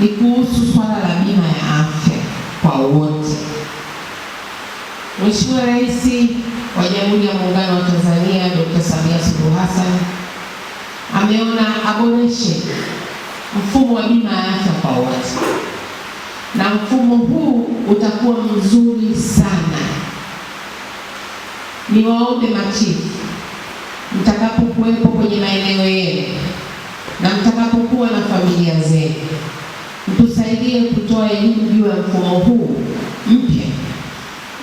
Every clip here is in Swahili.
ni kuhusu swala la bima ya afya kwa wote. Mheshimiwa Rais wa Jamhuri ya Muungano wa Tanzania Dr. Samia Suluhu Hassan ameona aboreshe mfumo wa bima ya afya kwa wote, na mfumo huu utakuwa mzuri sana. Niwaombe machifu, mtakapokuwepo kwenye maeneo yenu na mtakapokuwa na familia zenu mtusaidie kutoa elimu juu ya mfumo huu mpya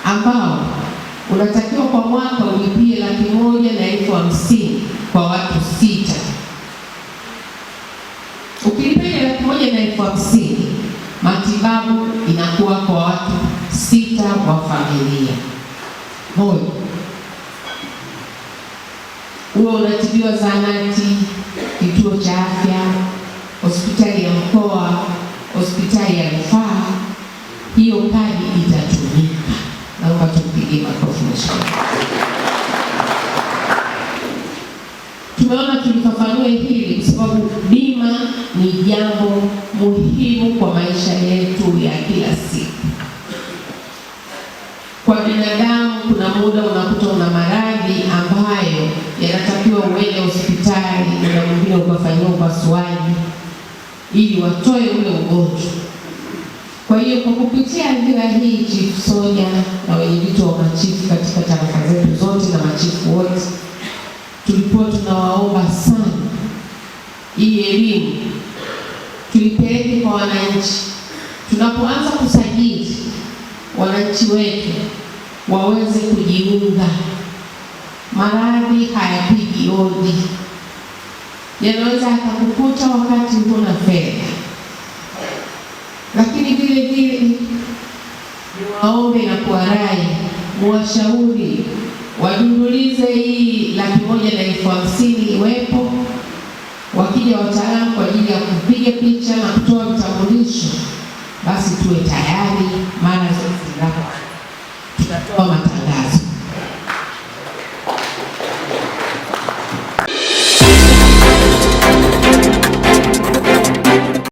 ambao unatakiwa kwa mwaka ulipie laki moja na elfu hamsini kwa watu sita. Ukilipia laki moja na elfu hamsini matibabu inakuwa kwa watu sita wa familia moja. Huwa unatibiwa zahanati, rufaa hiyo kadi itatumika. Naomba tumpigie makofi mheshimiwa. Tumeona tulifafanue hili kwa sababu bima ni jambo muhimu kwa maisha yetu ya kila siku. Kwa binadamu, kuna muda unakuta una maradhi ambayo yanatakiwa uende hospitali na mwingine ukafanyiwa upasuaji ili watoe ule ugonjwa kwa hiyo kwa kupitia hadhira hii, Chief Soja na wenyeviti wa machifu katika tarafa zetu zote na machifu wote, tulikuwa tunawaomba sana hii elimu tulipeleke kwa wananchi. Tunapoanza kusajili wananchi wetu waweze kujiunga. Maradhi hayapigi hodi, yanaweza yakakukuta wakati na fedha lakini vile vile niwaombe na kuwarai, muwashauri wadundulize hii laki moja na elfu hamsini iwepo, wakija wataalamu kwa ajili ya kupiga picha na kutoa vitambulisho, basi tuwe tayari, maana zote tunatoa matangazo